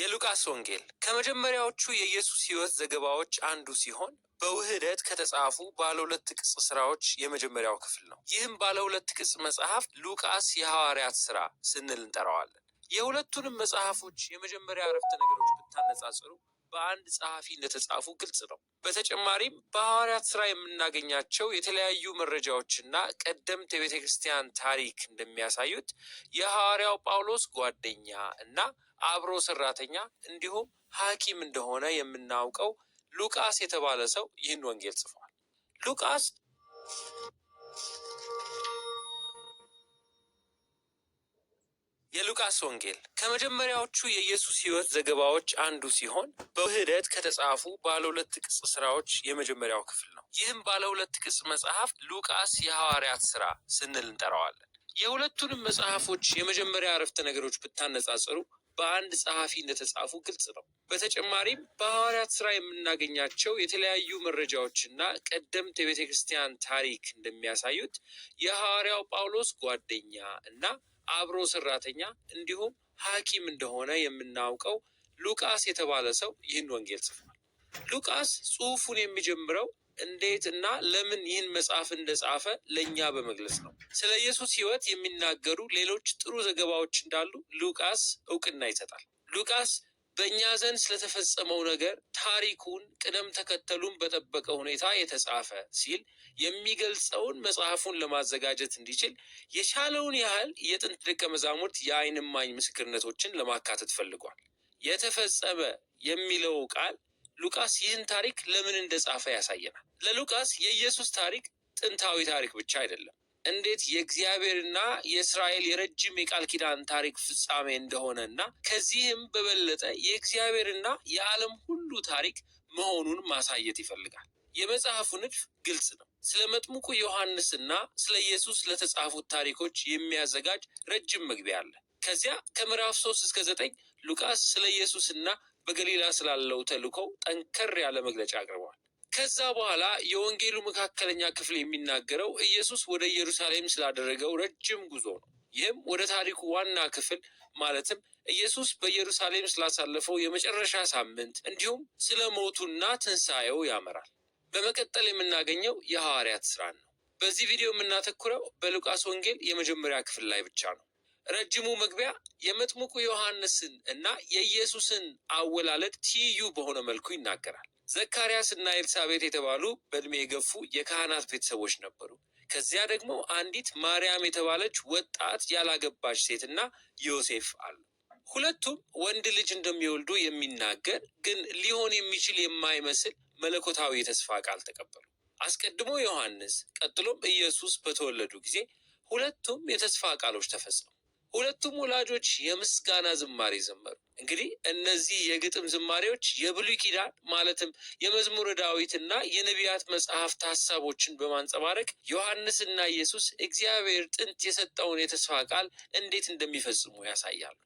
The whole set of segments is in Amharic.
የሉቃስ ወንጌል ከመጀመሪያዎቹ የኢየሱስ ሕይወት ዘገባዎች አንዱ ሲሆን በውህደት ከተጻፉ ባለ ሁለት ቅጽ ስራዎች የመጀመሪያው ክፍል ነው። ይህም ባለ ሁለት ቅጽ መጽሐፍ ሉቃስ የሐዋርያት ስራ ስንል እንጠራዋለን። የሁለቱንም መጽሐፎች የመጀመሪያ አረፍተ ነገሮች ብታነጻጽሩ በአንድ ጸሐፊ እንደተጻፉ ግልጽ ነው። በተጨማሪም በሐዋርያት ስራ የምናገኛቸው የተለያዩ መረጃዎችና ቀደምት የቤተ ክርስቲያን ታሪክ እንደሚያሳዩት የሐዋርያው ጳውሎስ ጓደኛ እና አብሮ ሰራተኛ እንዲሁም ሐኪም እንደሆነ የምናውቀው ሉቃስ የተባለ ሰው ይህን ወንጌል ጽፏል። ሉቃስ የሉቃስ ወንጌል ከመጀመሪያዎቹ የኢየሱስ ሕይወት ዘገባዎች አንዱ ሲሆን በውህደት ከተጻፉ ባለ ሁለት ቅጽ ስራዎች የመጀመሪያው ክፍል ነው። ይህም ባለ ሁለት ቅጽ መጽሐፍ ሉቃስ የሐዋርያት ስራ ስንል እንጠራዋለን። የሁለቱንም መጽሐፎች የመጀመሪያ አረፍተ ነገሮች ብታነጻጽሩ በአንድ ጸሐፊ እንደተጻፉ ግልጽ ነው። በተጨማሪም በሐዋርያት ስራ የምናገኛቸው የተለያዩ መረጃዎችና ቀደምት የቤተ ክርስቲያን ታሪክ እንደሚያሳዩት የሐዋርያው ጳውሎስ ጓደኛ እና አብሮ ሰራተኛ እንዲሁም ሐኪም እንደሆነ የምናውቀው ሉቃስ የተባለ ሰው ይህን ወንጌል ጽፏል። ሉቃስ ጽሑፉን የሚጀምረው እንዴት እና ለምን ይህን መጽሐፍ እንደጻፈ ለእኛ በመግለጽ ነው። ስለ ኢየሱስ ሕይወት የሚናገሩ ሌሎች ጥሩ ዘገባዎች እንዳሉ ሉቃስ እውቅና ይሰጣል። ሉቃስ በእኛ ዘንድ ስለተፈጸመው ነገር ታሪኩን ቅደም ተከተሉን በጠበቀ ሁኔታ የተጻፈ ሲል የሚገልጸውን መጽሐፉን ለማዘጋጀት እንዲችል የቻለውን ያህል የጥንት ደቀ መዛሙርት የዓይን እማኝ ምስክርነቶችን ለማካተት ፈልጓል። የተፈጸመ የሚለው ቃል ሉቃስ ይህን ታሪክ ለምን እንደጻፈ ያሳየናል። ለሉቃስ የኢየሱስ ታሪክ ጥንታዊ ታሪክ ብቻ አይደለም። እንዴት የእግዚአብሔርና የእስራኤል የረጅም የቃል ኪዳን ታሪክ ፍጻሜ እንደሆነ እና ከዚህም በበለጠ የእግዚአብሔርና የዓለም ሁሉ ታሪክ መሆኑን ማሳየት ይፈልጋል። የመጽሐፉ ንድፍ ግልጽ ነው። ስለ መጥምቁ ዮሐንስና ስለ ኢየሱስ ለተጻፉት ታሪኮች የሚያዘጋጅ ረጅም መግቢያ አለ። ከዚያ ከምዕራፍ ሶስት እስከ ዘጠኝ ሉቃስ ስለ ኢየሱስና በገሊላ ስላለው ተልእኮው ጠንከር ያለ መግለጫ አቅርበዋል። ከዛ በኋላ የወንጌሉ መካከለኛ ክፍል የሚናገረው ኢየሱስ ወደ ኢየሩሳሌም ስላደረገው ረጅም ጉዞ ነው። ይህም ወደ ታሪኩ ዋና ክፍል ማለትም ኢየሱስ በኢየሩሳሌም ስላሳለፈው የመጨረሻ ሳምንት እንዲሁም ስለ ሞቱና ትንሣኤው ያመራል። በመቀጠል የምናገኘው የሐዋርያት ሥራን ነው። በዚህ ቪዲዮ የምናተኩረው በሉቃስ ወንጌል የመጀመሪያ ክፍል ላይ ብቻ ነው። ረጅሙ መግቢያ የመጥምቁ ዮሐንስን እና የኢየሱስን አወላለድ ትይዩ በሆነ መልኩ ይናገራል። ዘካርያስ እና ኤልሳቤት የተባሉ በእድሜ የገፉ የካህናት ቤተሰቦች ነበሩ። ከዚያ ደግሞ አንዲት ማርያም የተባለች ወጣት ያላገባች እና ዮሴፍ አሉ። ሁለቱም ወንድ ልጅ እንደሚወልዱ የሚናገር ግን ሊሆን የሚችል የማይመስል መለኮታዊ የተስፋ ቃል ተቀበሉ። አስቀድሞ ዮሐንስ፣ ቀጥሎም ኢየሱስ በተወለዱ ጊዜ ሁለቱም የተስፋ ቃሎች ተፈጸሙ። ሁለቱም ወላጆች የምስጋና ዝማሬ ዘመሩ። እንግዲህ እነዚህ የግጥም ዝማሬዎች የብሉይ ኪዳን ማለትም የመዝሙረ ዳዊትና የነቢያት መጽሐፍት ሀሳቦችን በማንጸባረቅ ዮሐንስና ኢየሱስ እግዚአብሔር ጥንት የሰጠውን የተስፋ ቃል እንዴት እንደሚፈጽሙ ያሳያሉ።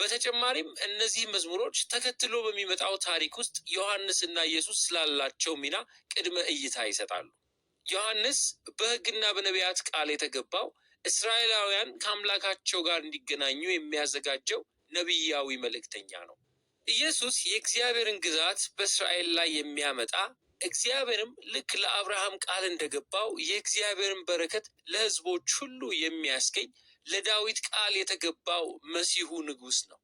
በተጨማሪም እነዚህ መዝሙሮች ተከትሎ በሚመጣው ታሪክ ውስጥ ዮሐንስና ኢየሱስ ስላላቸው ሚና ቅድመ እይታ ይሰጣሉ። ዮሐንስ በሕግና በነቢያት ቃል የተገባው እስራኤላውያን ከአምላካቸው ጋር እንዲገናኙ የሚያዘጋጀው ነቢያዊ መልእክተኛ ነው። ኢየሱስ የእግዚአብሔርን ግዛት በእስራኤል ላይ የሚያመጣ እግዚአብሔርም ልክ ለአብርሃም ቃል እንደገባው የእግዚአብሔርን በረከት ለሕዝቦች ሁሉ የሚያስገኝ ለዳዊት ቃል የተገባው መሲሁ ንጉሥ ነው።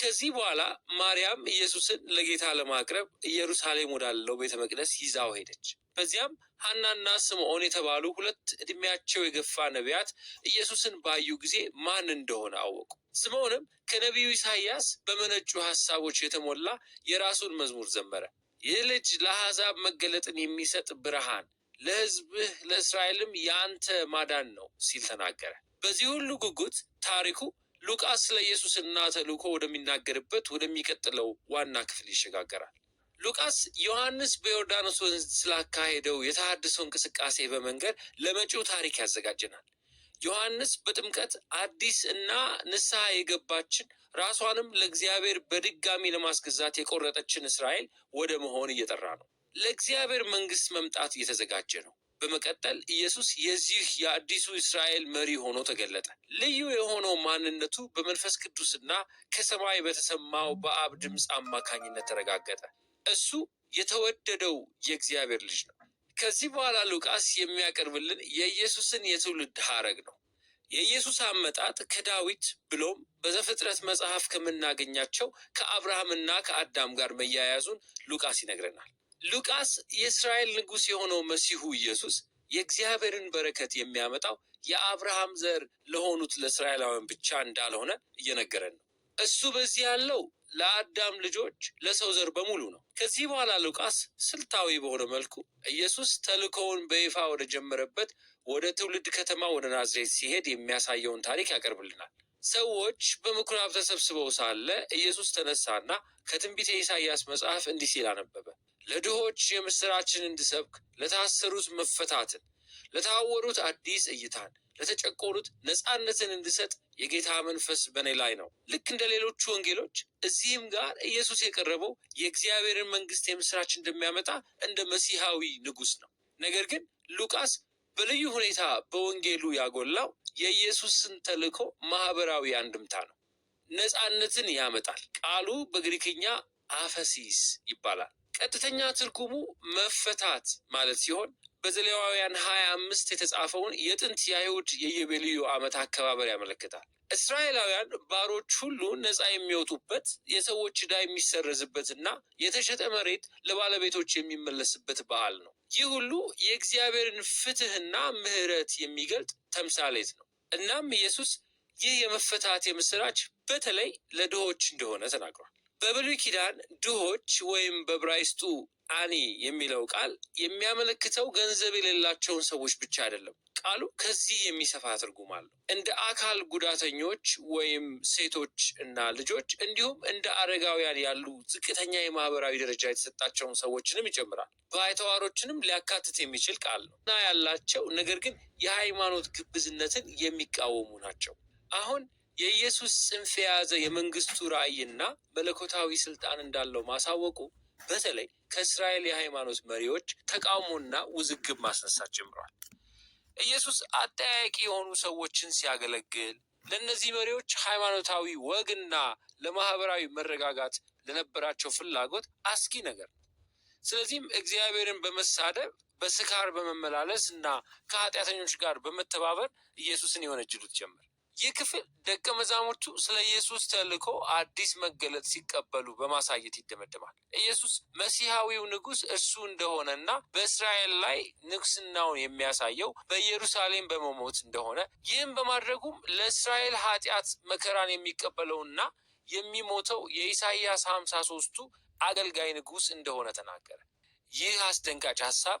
ከዚህ በኋላ ማርያም ኢየሱስን ለጌታ ለማቅረብ ኢየሩሳሌም ወዳለው ቤተ መቅደስ ይዛው ሄደች። በዚያም ሐናና ስምዖን የተባሉ ሁለት ዕድሜያቸው የገፋ ነቢያት ኢየሱስን ባዩ ጊዜ ማን እንደሆነ አወቁ። ስምዖንም ከነቢዩ ኢሳይያስ በመነጩ ሐሳቦች የተሞላ የራሱን መዝሙር ዘመረ። ይህ ልጅ ለአሕዛብ መገለጥን የሚሰጥ ብርሃን፣ ለሕዝብህ ለእስራኤልም የአንተ ማዳን ነው ሲል ተናገረ። በዚህ ሁሉ ጉጉት ታሪኩ ሉቃስ ስለ ኢየሱስና ተልእኮ ወደሚናገርበት ወደሚቀጥለው ዋና ክፍል ይሸጋገራል። ሉቃስ ዮሐንስ በዮርዳኖስ ወንዝ ስላካሄደው የተሃድሶ እንቅስቃሴ በመንገድ ለመጪው ታሪክ ያዘጋጀናል። ዮሐንስ በጥምቀት አዲስ እና ንስሐ የገባችን ራሷንም ለእግዚአብሔር በድጋሚ ለማስገዛት የቆረጠችን እስራኤል ወደ መሆን እየጠራ ነው። ለእግዚአብሔር መንግስት መምጣት እየተዘጋጀ ነው። በመቀጠል ኢየሱስ የዚህ የአዲሱ እስራኤል መሪ ሆኖ ተገለጠ። ልዩ የሆነው ማንነቱ በመንፈስ ቅዱስና ከሰማይ በተሰማው በአብ ድምፅ አማካኝነት ተረጋገጠ። እሱ የተወደደው የእግዚአብሔር ልጅ ነው። ከዚህ በኋላ ሉቃስ የሚያቀርብልን የኢየሱስን የትውልድ ሐረግ ነው። የኢየሱስ አመጣጥ ከዳዊት ብሎም በዘፍጥረት መጽሐፍ ከምናገኛቸው ከአብርሃምና ከአዳም ጋር መያያዙን ሉቃስ ይነግረናል። ሉቃስ የእስራኤል ንጉሥ የሆነው መሲሁ ኢየሱስ የእግዚአብሔርን በረከት የሚያመጣው የአብርሃም ዘር ለሆኑት ለእስራኤላውያን ብቻ እንዳልሆነ እየነገረን ነው። እሱ በዚህ ያለው ለአዳም ልጆች ለሰው ዘር በሙሉ ነው። ከዚህ በኋላ ሉቃስ ስልታዊ በሆነ መልኩ ኢየሱስ ተልእኮውን በይፋ ወደ ጀመረበት ወደ ትውልድ ከተማ ወደ ናዝሬት ሲሄድ የሚያሳየውን ታሪክ ያቀርብልናል። ሰዎች በምኩራብ ተሰብስበው ሳለ ኢየሱስ ተነሳና ከትንቢተ ኢሳይያስ መጽሐፍ እንዲህ ሲል አነበበ። ለድሆች የምስራችን እንድሰብክ፣ ለታሰሩት መፈታትን፣ ለታወሩት አዲስ እይታን ለተጨቆሩት ነፃነትን እንድሰጥ የጌታ መንፈስ በእኔ ላይ ነው። ልክ እንደ ሌሎቹ ወንጌሎች እዚህም ጋር ኢየሱስ የቀረበው የእግዚአብሔርን መንግስት የምስራች እንደሚያመጣ እንደ መሲሐዊ ንጉሥ ነው። ነገር ግን ሉቃስ በልዩ ሁኔታ በወንጌሉ ያጎላው የኢየሱስን ተልእኮ ማህበራዊ አንድምታ ነው። ነፃነትን ያመጣል። ቃሉ በግሪክኛ አፈሲስ ይባላል። ቀጥተኛ ትርጉሙ መፈታት ማለት ሲሆን በዘሌዋውያን ሀያ አምስት የተጻፈውን የጥንት የአይሁድ የየቤልዩ ዓመት አከባበር ያመለክታል። እስራኤላውያን ባሮች ሁሉ ነፃ የሚወጡበት የሰዎች ዕዳ የሚሰረዝበትና የተሸጠ መሬት ለባለቤቶች የሚመለስበት በዓል ነው። ይህ ሁሉ የእግዚአብሔርን ፍትህና ምሕረት የሚገልጥ ተምሳሌት ነው። እናም ኢየሱስ ይህ የመፈታት የምስራች በተለይ ለድሆች እንደሆነ ተናግሯል። በብሉይ ኪዳን ድሆች ወይም በብራይስጡ አኒ የሚለው ቃል የሚያመለክተው ገንዘብ የሌላቸውን ሰዎች ብቻ አይደለም። ቃሉ ከዚህ የሚሰፋ ትርጉም አለው። እንደ አካል ጉዳተኞች ወይም ሴቶች እና ልጆች እንዲሁም እንደ አረጋውያን ያሉ ዝቅተኛ የማህበራዊ ደረጃ የተሰጣቸውን ሰዎችንም ይጨምራል። ባይተዋሮችንም ሊያካትት የሚችል ቃል ነው እና ያላቸው ነገር ግን የሃይማኖት ግብዝነትን የሚቃወሙ ናቸው። አሁን የኢየሱስ ጽንፍ የያዘ የመንግስቱ ራዕይና መለኮታዊ ስልጣን እንዳለው ማሳወቁ በተለይ ከእስራኤል የሃይማኖት መሪዎች ተቃውሞና ውዝግብ ማስነሳት ጀምረዋል። ኢየሱስ አጠያቂ የሆኑ ሰዎችን ሲያገለግል ለእነዚህ መሪዎች ሃይማኖታዊ ወግና ለማህበራዊ መረጋጋት ለነበራቸው ፍላጎት አስጊ ነገር ነው። ስለዚህም እግዚአብሔርን በመሳደብ በስካር በመመላለስ እና ከኃጢአተኞች ጋር በመተባበር ኢየሱስን የወነጀሉት ጀመር። ይህ ክፍል ደቀ መዛሙርቱ ስለ ኢየሱስ ተልእኮ አዲስ መገለጥ ሲቀበሉ በማሳየት ይደመደማል። ኢየሱስ መሲሐዊው ንጉሥ እርሱ እንደሆነና በእስራኤል ላይ ንግስናውን የሚያሳየው በኢየሩሳሌም በመሞት እንደሆነ ይህም በማድረጉም ለእስራኤል ኃጢአት መከራን የሚቀበለውና የሚሞተው የኢሳይያስ ሀምሳ ቱ አገልጋይ ንጉሥ እንደሆነ ተናገረ። ይህ አስደንጋጭ ሀሳብ